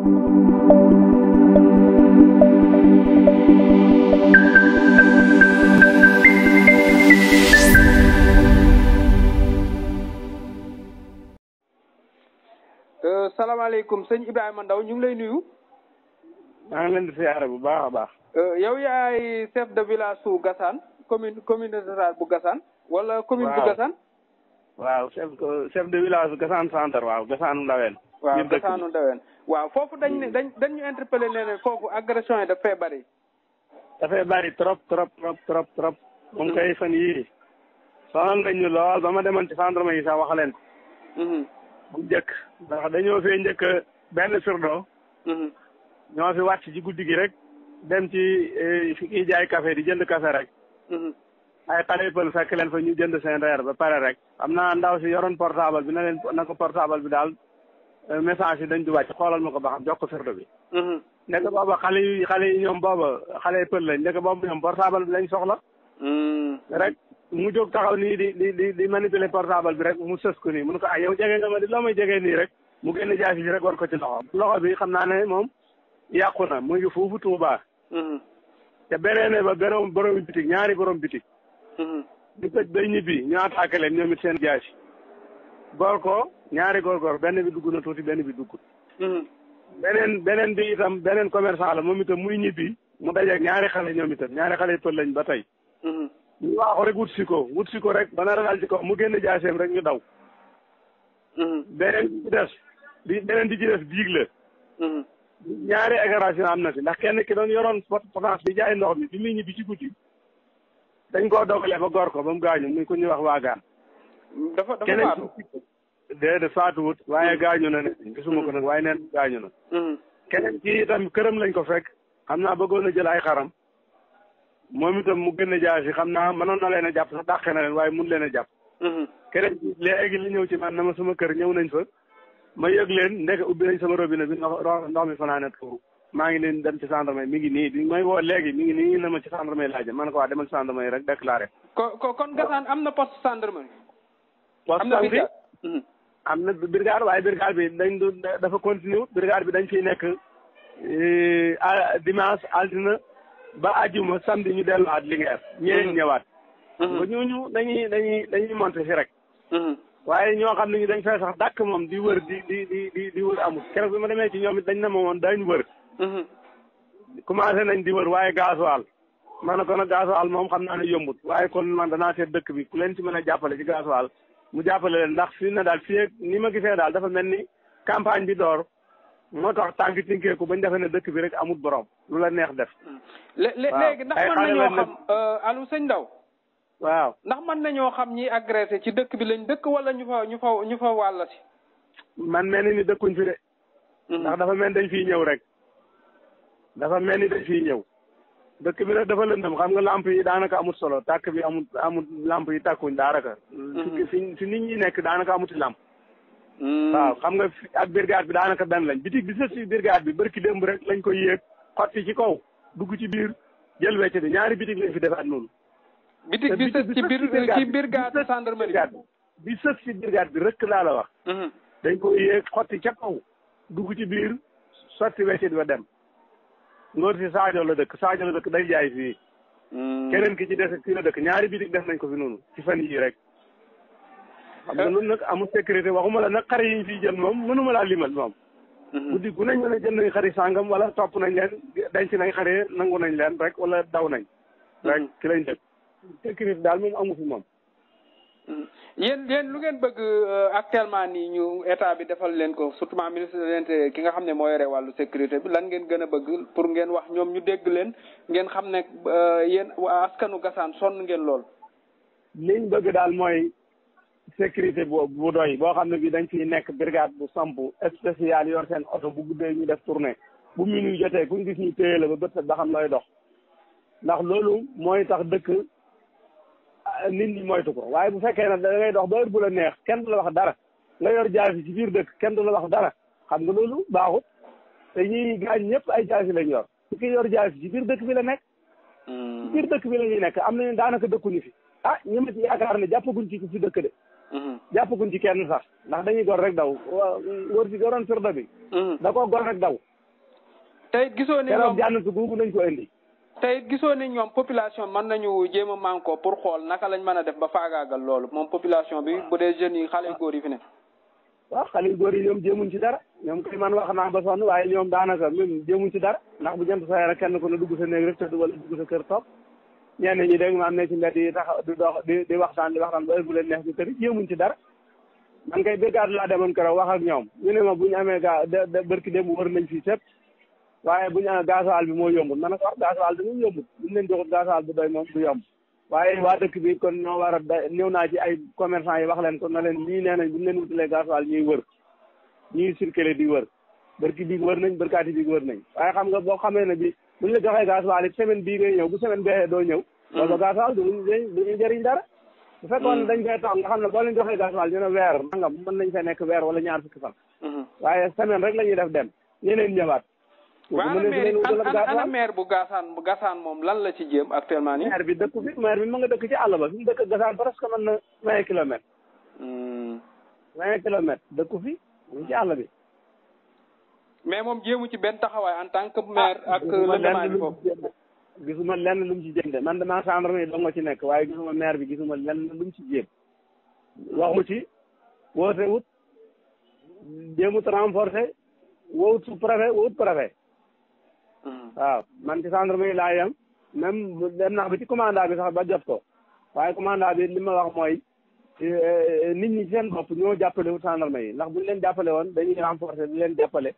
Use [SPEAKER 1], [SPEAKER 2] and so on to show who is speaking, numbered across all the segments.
[SPEAKER 1] Euh, salaamaaleykum sëñ Ibrahima Ndaw ñu ngi lay nuyu. maa ngi leen di siyaare bu baax a baax. Euh, yow yaay chef de village su Gassane commune commune rurale bu Gassane. wala commune bu Gassane.
[SPEAKER 2] waaw chef chef de village bu Gassane centre waaw Gassane Ndaween. waaw gasaanu
[SPEAKER 1] dewen waaw foofu dañ ne dañ dañ ñu interpellé nee ne kooku agression yi dafay bari
[SPEAKER 2] dafay bari trop trop trop trop trop moom kay fan yii sonal nañ ñu lool ba ma demoon ci gendarme yi sax wax leen mhm. bu njëkk ndax dañoo fee njëkk benn firdo mhm. ñoo fi wàcc ci guddi gi rek dem ci eh, fi kii jaay café di jënd café rek mhm. ay xale pël fekk leen fa ñu jënd seen reer ba pare rek am na ndaw si yoroon portable bi na leen na ko portable bi daal message yi dañ di wàcc xoolal ma ko ba xam jox ko firdo bi. Mm-hmm. nekk booba xale yi xale yi ñoom booba xale yi pël lañ nekk boobu ñoom portable bi lañ soxla. Mm-hmm. rek mu jóg taxaw nii di di di di manipuler portable bi rek mu sës ko nii mun ka ah yow jege nga ma di loo may jege nii rek. mu génn jaasi ji rek war ko ci loxo. loxo bi xam naa ne moom yàqu na mu ngi foofu Touba. Mm-hmm. te beneen ba borom borom bitik ñaari borom bitik. ñu tëj bay ñibbi ñu attaqué leen ñoom it seen jaasi. góor ko ñaari góor góor benn bi dugg na tuuti benn bi dugg mm-hmm. beneen beneen bi itam beneen commerçant la moom itam muy ñibbi mu dajeeg ñaari xale ñoom itam ñaari xale yi toll lañ ba tey mm-hmm. ñu waaxu rek wut si ko wut si ko rek bana ragal ci ko mu génn jasem rek ñu daw mm-hmm. beneen bi ci des di beneen di ci des biig la ñaari agression am na si ndax kenn ki doon yoroon potence bi jaay ndox mi bi muy ñibbi ci guddi dañ koo dogale ba gor ba mu gaañu muy ko ñuy wax waagaan
[SPEAKER 1] dafa dafa faatu
[SPEAKER 2] déedéet faatuwut waaye gaañu na ne gisuma ko nag waaye neen gaañu na mm-hmm. keneen ci itam këram lañ ko fekk xam naa bëggoon na jël ay xaram moom itam mu gën a jaasi xam naa mënoon na leen a jàpp sax dàqe na waaye mun leen a jàpp mm-hmm. keneen ci léegi li ñëw ci man na ma sama kër ñëw nañ fa ma yëg leen ndek ubbi nañ sama robinet bi ndox mi fanaanet foofu maa ngi leen dem ci gendarmerie mi ngi nii bi may woo léegi mi ngi na ma ci gendarmerie laaja man ko waa demal ci rek déclaré
[SPEAKER 1] ko kon gasaan am am na bi mhm.
[SPEAKER 2] am na brigade waaye brigade bi dañ dafa continuer brigade bi dañ fiy nekk eh, dimanche altine ba àjjuma samedi ñu delluwaat Linguère ñeneen mhm. ñëwaat mhm. ba ñooñu dañuy dañuy dañuy monté fi rek waaye ñoo xam ne ñu dañ fay sax dàkk moom di wër di di di di wër amul ma demee ci ñoom it dañ ne ma woon dañ wër commencé nañ di wër waaye gasoil ma ne ko nag gasoil moom xam naa ne yombut waaye kon man danaa seet dëkk bi ku leen ci mën a jàppale ci gasoil mu jàppale leen ndax fii na daal fii ni ma gisee daal dafa mel ni campagne bi door moo tax tànk tinkeeku bañ defee ne dëkk bi rek amut borom lu la neex def.
[SPEAKER 1] léegi ndax mën nañoo xam euh, Aliou Sëñ Ndaw waaw ndax mën nañoo xam ni agressé ci dëkk bi lañ dëkk wala ñu fa ñu fa ñu fa wàll si.
[SPEAKER 2] man mel ni ni dëkkuñ fi de. Mm-hmm. ndax dafa mel ni dañ fiy ñëw rek. dafa mel ni dañ fiy ñëw. dëkk bi nag dafa lëndëm xam nga lamp yi daanaka amut solo tàkk bi amut amut lamp yi tàkkuñ daanaka. fi mhm. si nit ñi nekk daanaka amuti lamp. Mhm. waaw xam nga ak brigade bi daanaka benn lañ bitig bi sës si brigade bi barki démb rek lañ koy yéeg xotti ci kaw dugg ci biir jël wecc bi ñaari bitig lañ fi defaat noonu.
[SPEAKER 1] bitig bi sës ci biir ci bi
[SPEAKER 2] si brigade bi rëkk laa la wax. Mhm. dañ koy yéeg xotti ca kaw dugg ci biir sotti wecc bi ba dem. ngóor si Sadio la dëkk Sadio la dëkk day jaay fii. Hmm. keneen ki ci des fii la dëkk ñaari bitik def nañ ko fi noonu ci fan yii rek. xam nga loolu nag amul sécurité waxuma la nag xar yi ñu fiy jël moom mënuma laa limal moom. Hmm. guddi gu nañ mën a jënd nañ xari sàngam wala topp nañ leen denc nañ xare nangu nañ leen rek wala daw nañ. Hmm. rek ci lañ dëkk sécurité daal moom amu fi
[SPEAKER 1] Mm. yéen yéen lu ngeen bëgg euh, actuellement nii ñu état bi defal leen ko surtout ministre de l'intérieur ki nga xam ne moo yore wàllu sécurité bi lan ngeen gën a bëgg pour ngeen wax ñoom ñu dégg leen ngeen xam ne euh, yéen askanu Gassane sonn ngeen lool. liñ bëgg daal mooy
[SPEAKER 2] sécurité boobu bu doy boo xam ne bi dañ ciy nekk brigade bu sampu spécial yor seen oto bu guddee ñu def tournée bu mu jotee kuñ gis ñu téye la ba bët set ba xam looy dox ndax loolu mooy tax dëkk. nit ñi moytu ko waaye bu fekkee nag da dox ba heure bu la neex kenn du la wax dara nga yor jaasi ci biir dëkk kenn du la wax dara xam nga loolu baaxut te ñuy gaañ ñëpp ay jaasi lañ yor su ki yor jaasi ci biir dëkk bi la nekk hmm. ci biir dëkk bi la ñuy nekk am nañu daanaka dëkkuñu fi ah ñi ma ci yaakaar ne jàppaguñ ci ci dëkk de hmm. jàppaguñ ci kenn sax ndax dañuy gor rek daw wóor si goroon da bi hmm. da koo gor rek daw
[SPEAKER 1] tey gisoo ni keroog
[SPEAKER 2] jànn nañ ko indi
[SPEAKER 1] tey gisoon ni ñoom population mën nañu jéem a manko pour xool naka lañ mën a def ba faagaagal loolu moom population bi bu dee jeunes yi xale góor yi fi ne.
[SPEAKER 2] waaw xale góor yi ñoom jéemuñ ci dara ñoom kay man wax naa ba sonn waaye ñoom daanaka même jéemuñ ci dara ndax bu jant saa kenn ku ne dugg sa néeg rek du wala dugg sa kër toog ñenn ñi dégg nga am ne ci mbedd yi taxaw di dox di di waxtaan di bu leen neex ñu tëri ci dara. man kay béykat laa demoon keroog wax ak ñoom ñu ne ma bu ñu amee gaa bërki démb wër nañ fii sëpp waaye bu ñu ah gasoil bi moo yombul man nag wax gasoil bi moom yombul bu ñu leen joxul gasoil bu doy moom du yomb waaye waa dëkk bi kon ñoo war a da ñëw naa ci ay commerçant yi wax leen kon na leen lii nee nañ bu ñu leen wutalee gasoil ñuy wër ñuy circuler di wër bërki biig war nañ bërkaati biig wër nañ waaye xam nga boo xamee ne bi bu ñu la joxee gasoil it semaine bii ngay ñëw bu semaine bee doo ñëw mm. loolu gasoil du duñu jëriñ dara mm. bu fekkoon dañ koy toog nga xam ne boo joxee gasoil ñu ne weer nangam nekk weer wala ñaar fukki fan mm-hmm. waaye semaine la ñuy def dem ñeneen ñëwaat
[SPEAKER 1] waaw ana maire bu Gassane bu Gassane moom lan la ci jéem actuellement nii. maire bi dëkk
[SPEAKER 2] fi maire bi ma nga dëkk ci àll ba fi mu dëkk Gassane presque mën na vingt kilomètres. Hmm. vingt kilomètres dëkku fi mu ci àll bi.
[SPEAKER 1] mais moom jéemu ci benn taxawaay en tant que maire ah, ak lëndamaay
[SPEAKER 2] foofu. gisuma lenn lu ci jéem de man damaa gendarmerie dong nga ci nekk waaye gisuma maire bi gisuma lenn lu mu ci jéem. waxu ci woote wut jéemut renforcer wowut sous préfet wowut préfet. waaw ah. ah. man ci gendarme yi laa yem même dem naa ba ci commandant bi sax ba jot ko waaye commandant bi li ma wax mooy eh, eh, nit ñi seen bopp ñoo jàppale wu gendarme yi ndax bu ñu leen jàppale woon dañuy renforcer di leen jàppale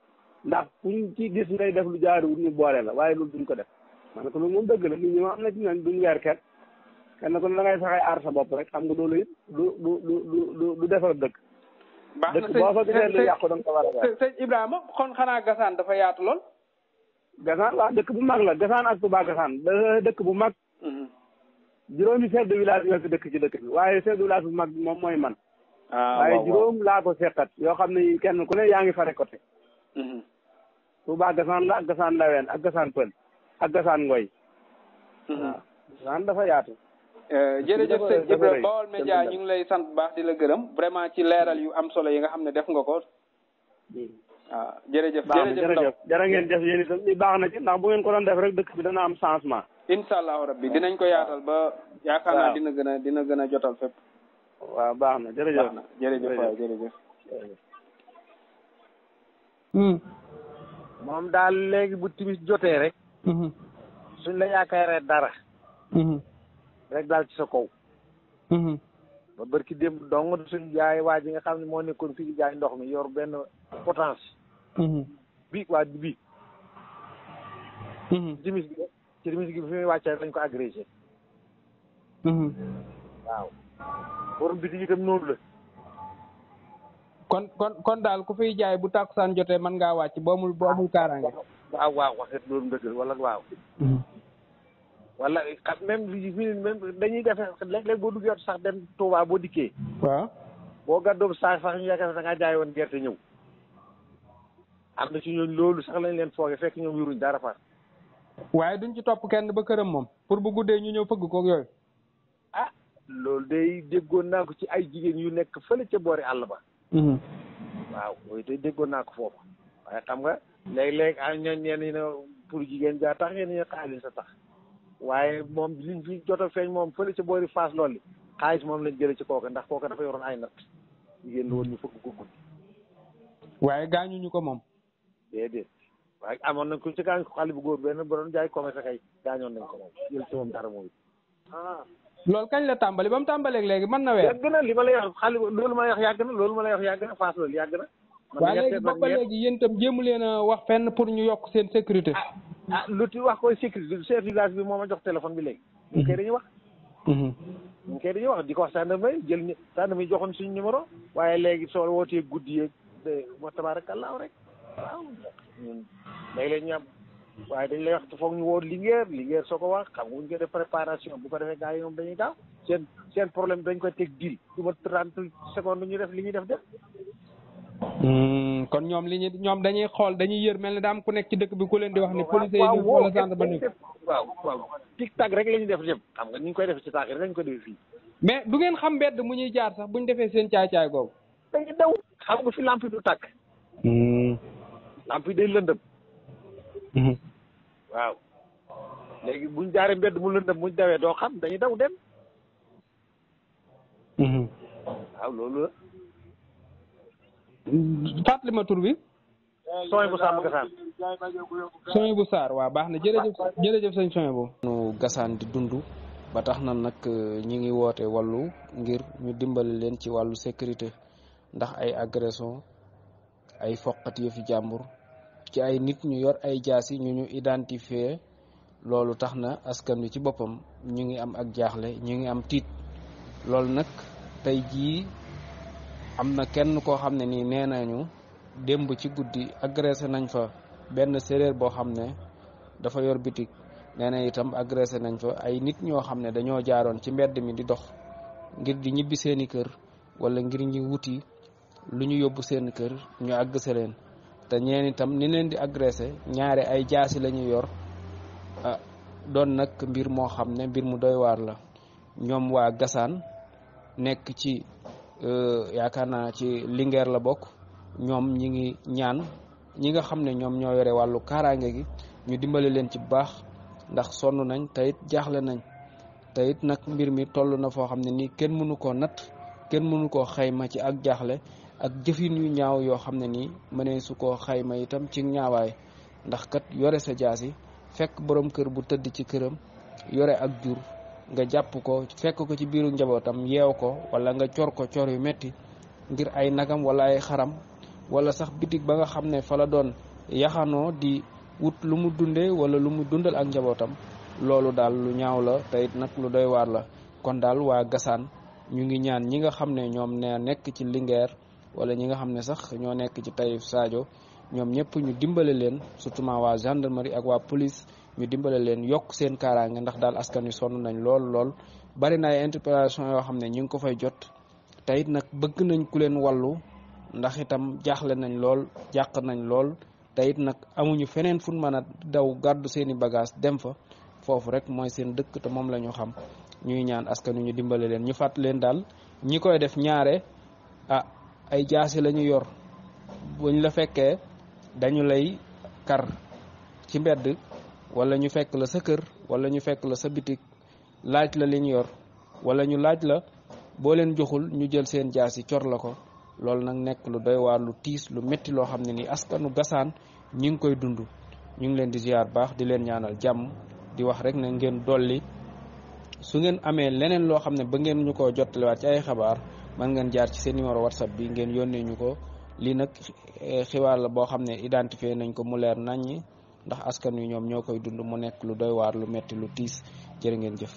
[SPEAKER 2] ndax kuñ ci gis ngay def lu wu ñu boole la waaye loolu duñ ko def man ko loolu moom dëgg la nit ñi ma am na ci nañ duñ weer ket kenn ku ne da ngay saxay aar sa bopp rek xam nga loolu it lu lu lu lu du defar dëkk
[SPEAKER 1] dëkk boo fa gisee lu yàqu da nga a kon xanaa gasaan dafa yaatu lool
[SPEAKER 2] gasaan waaw dëkk bu mag la gasaan ak Touba gasaan dëkk bu mag mm-hmm. juróomi chef de village yoo fi dëkk ci dëkk bi waaye chef de bu mag moom mooy man
[SPEAKER 1] ah, waaye juróom
[SPEAKER 2] laa ko seqat yoo xam ne kenn ku ne yaa ngi fare côté mm-hmm. Touba gasaan la ak gasaan laween ak gasaan pël ak gasaan ngoy
[SPEAKER 1] waaw mm-hmm. ah, dafa yaatu eh, jërëjëf sëñ Ibra Baol Média ñu ngi lay sant bu baax di la gërëm vraiment ci leeral yu am solo yi nga xam ne def nga ko waaw ah, jërëjëf jërëjëf jërë ngeen jëf yéen itam li baax na ci ndax bu ngeen ko doon def rek dëkk bi dana am changement incha allahu rabbi ah. dinañ ko yaatal ba yaakaar naa dina gën a dina gën a jotal fépp waaw baax na jërëjëf baax na jërëjëf waaw hmm.
[SPEAKER 2] moom daal léegi bu timis jotee rek hmm. suñ la yaakaaree dara hmm. rek daal ci sa kaw ba barki démb dong suñ jaay waa ji nga xam ne moo nekkoon fi di jaay ndox mi yor benn potence Mm-hmm. biig waa biig dimis bi mm-hmm. ci ko agrégé mm-hmm. waaw borom bitig
[SPEAKER 1] kon kon kon daal ku fiy jaay bu tàkkusaan jotee mën ngaa wàcc boo amul boo amul kaaraange
[SPEAKER 2] waaw wala waaw wala xam même fi même dañuy defe léeg-léeg boo sax dem Touba boo dikkee waaw boo gàddoom saag sax ñu yaakaar da ngaa jaay woon gerte ñëw am na ci ñooñ loolu sax lañ leen fooge fekk ñoom yoruñ dara far
[SPEAKER 1] waaye duñ ci topp kenn ba këram moom pour bu guddee ñu ñëw fëgg koog yooyu
[SPEAKER 2] ah loolu day déggoon naa ko ci ay jigéen yu nekk fële ca boori àll ba mhm. waaw yooyu day déggoon naa ko foofu waaye xam nga léeg-léeg a ah, ñooñ ñeen ñi ne pour jigéen jaa tax ñeen ñi xaalis a tax waaye moom liñ fi jot feeñ moom fële ca boori faas loolu xaalis moom lañ jële ci kooka ndax kooka dafa yoroon ay natt
[SPEAKER 1] jigéen la ñu fëgg ko guddi ko moom
[SPEAKER 2] déedéet waaye amoon nañ ku ci gaañ ko xale bu góor benn ba doon jaay commerce kay gaañoon nañ ko moom
[SPEAKER 1] jël ci moom dara moom ah. loolu kañ la tàmbali ba mu tàmbaleek léegi mën na weer. yàgg na li ma lay wax xale loolu ma lay wax yàgg na loolu ma lay wax yàgg na faas loolu yàgg na. waaye léegi ba léegi yéen itam jéemu leen a wax fenn pour ñu yokk seen sécurité. ah,
[SPEAKER 2] ah lu ci wax koy sécurité chef village bi moo ma jox téléphone bi léegi. Mhm. ñu koy dañuy wax. Mhm. ñu koy dañuy wax di ko wax gendarmerie jël ñu gendarmerie joxoon suñu numéro. waaye léegi soo wootee guddi yeeg de wa tabaarakallaahu rek. waaw ñun léeg-léeg ñu am waaye dañ lay wax foog ñu woo Linguère Linguère soo ko wax xam nga bu ñu koy def préparation bu ko defee gars yi ñoom dañuy gaaw seen seen problème dañ koy teg dil du ma trente secondes ñu def li ñuy def def.
[SPEAKER 1] Hmm, kon ñoom li ñu ñoom dañuy xool dañuy yér mel ne daam ku nekk ci dëkk bi ku leen di wax ni police yi di wala centre ba nekk waaw waaw rek la ñuy def dem xam nga ni ñu koy defee ci taak rek lañu ko defee fii mais du ngeen xam mbedd mu ñuy jaar sax bu ñu defee seen caay-caay googu dañuy daw xam nga fi lampi du tàkk hmm. lamp yi day
[SPEAKER 2] lëndëm mhm. waaw léegi buñ jaaree mu lëndëm buñ dawee doo xam dañuy daw dem mhm. waaw loolu bi sooy bu Samb Gassane
[SPEAKER 1] baax na jërëjëf jërëjëf sëñ sooy bu nu Gassane di dund ba tax na nag euh, ñi ngi woote wàllu ngir ñu dimbali leen ci wàllu sécurité ndax ay agression ay foqat yëfi jàmbur ci ay nit ñu yor ay jaasi ñu ñu identifier loolu tax na askan wi ci boppam ñu ngi am ak jaaxle ñu ngi am tiit loolu nag tey jii am na kenn koo xam ne nii nee nañu démb ci guddi agressé nañ fa benn séréer boo xam ne dafa yor bitig nee na itam agresé nañ fa ay nit ñoo xam ne dañoo jaaroon ci mbedd mi di dox ngir di ñibbi seeni kër wala ngir ñi wuti lu ñu yóbbu seen kër ñu àgg se leen te ñeen itam ni leen di agressé ñaare ay jaasi lañu yor ah, doon nag mbir moo xam ne mbir mu doy waar la ñoom waa gasaan nekk ci euh, yaakaar naa ci Linguère la bokk ñoom ñi ngi ñaan ñi nga xam ne ñoom ñoo yore wàllu kaaraange gi ñu dimbale leen ci bu baax ndax sonn nañ te it jaaxle nañ te it nag mbir mi toll na foo xam ne nii kenn mënu koo natt kenn mënu koo xayma ci ak jaaxle ak jëfin yu ñaaw yoo xam ne nii mënee koo xayma itam ci ñaawaay ndax kat yore sa jaasi fekk borom kër bu tëdd ci këram yore ak jur nga jàpp ko fekk ko ci biiru njabootam yeew ko wala nga cor ko coor yu metti ngir ay nagam wala ay xaram wala sax bitig ba nga xam ne fa la doon yaxanoo di wut lu mu dundee wala lu mu dundal ak njabootam loolu daal lu ñaaw la te it nag lu doy waar la kon daal waa gasaan ñu ngi ñaan ñi nga xam ne ñoom ne nekk ci Linguère wala ñi nga xam ne sax ñoo nekk ci Taïf Sadio ñoom ñëpp ñu dimbale leen surtout waa gendarmerie ak waa police ñu dimbale leen yokk seen kaaraange ndax daal askan wi sonn nañ lool lool. bari na ay yoo xam ne ñu ngi ko fay jot te it nag bëgg nañ ku leen wallu ndax itam jaaxle nañ lool jàq nañ lool te it nag amuñu feneen fu mën a daw gàddu seen i bagage dem fa foofu rek mooy seen dëkk te moom la ñu xam ñuy ñaan askan wi ñu dimbale leen ñu fàtt leen daal ñi koy def ñaare ah, ay jaasi la ñu yor buñ la fekkee dañu lay kar ci mbedd wala ñu fekk la sa kër wala ñu fekk la sa bitig laaj la li ñu yor wala ñu laaj la boo leen joxul ñu jël seen jaasi cor la ko loolu nag nekk lu doy waar lu tiis lu métti loo xam ne nii ni askanu gasaan ñu ngi koy dund ñu ngi leen di ziar baax di leen ñaanal jàmm di wax rek ne ngeen dolli su ngeen amee leneen loo xam ne ba ngeen ñu ko jottaliwaat ci ay xabaar mën ngeen jaar ci seen numéro whatsapp bi ngeen yónnee ñu ko lii nag eh, xibaar la boo xam ne identifié nañ ko mu leer nañ ñi ndax askan wi ñoom ñoo koy dund mu nekk lu doy waar lu metti lu tiis jërë ngeen jëf